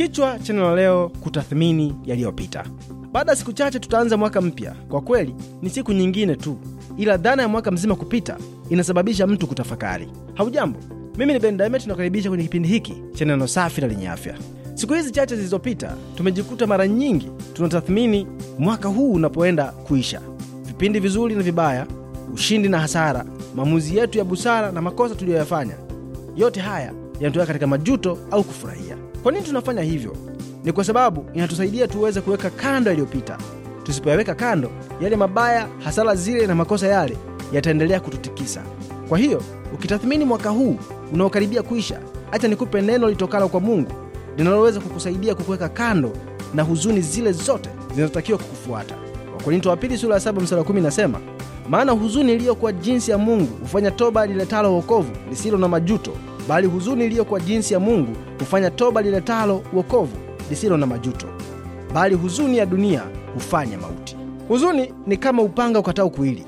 Kichwa cha neno leo, kutathmini yaliyopita. Baada ya siku chache tutaanza mwaka mpya. Kwa kweli ni siku nyingine tu, ila dhana ya mwaka mzima kupita inasababisha mtu kutafakari. Haujambo, mimi ni Ben Dynamite, tunakaribisha kwenye kipindi hiki cha neno safi na lenye afya. Siku hizi chache zilizopita tumejikuta mara nyingi tunatathmini mwaka huu unapoenda kuisha, vipindi vizuri na vibaya, ushindi na hasara, maamuzi yetu ya busara na makosa tuliyoyafanya. Yote haya yanatoka katika majuto au kufurahia. Kwa nini tunafanya hivyo? Ni kwa sababu inatusaidia tuweze kuweka kando yaliyopita. Tusipoyaweka kando, yale mabaya, hasara zile na makosa yale yataendelea kututikisa. Kwa hiyo, ukitathmini mwaka huu unaokaribia kuisha, acha nikupe neno litokalo kwa Mungu linaloweza kukusaidia kukuweka kando na huzuni zile zote zinazotakiwa kukufuata. Wakorinto wa pili sura ya saba mstari wa kumi inasema, maana huzuni iliyokuwa jinsi ya Mungu hufanya toba liletalo wokovu lisilo na majuto bali huzuni iliyo kwa jinsi ya Mungu hufanya toba liletalo wokovu lisilo na majuto, bali huzuni ya dunia hufanya mauti. Huzuni ni kama upanga ukatao kuwili,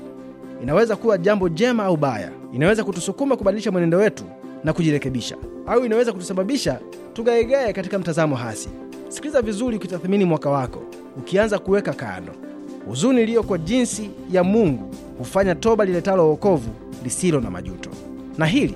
inaweza kuwa jambo jema au baya. Inaweza kutusukuma kubadilisha mwenendo wetu na kujirekebisha, au inaweza kutusababisha tugaegae katika mtazamo hasi. Sikiliza vizuri, ukitathimini mwaka wako, ukianza kuweka kando huzuni iliyo kwa jinsi ya Mungu hufanya toba liletalo wokovu lisilo na majuto. Na hili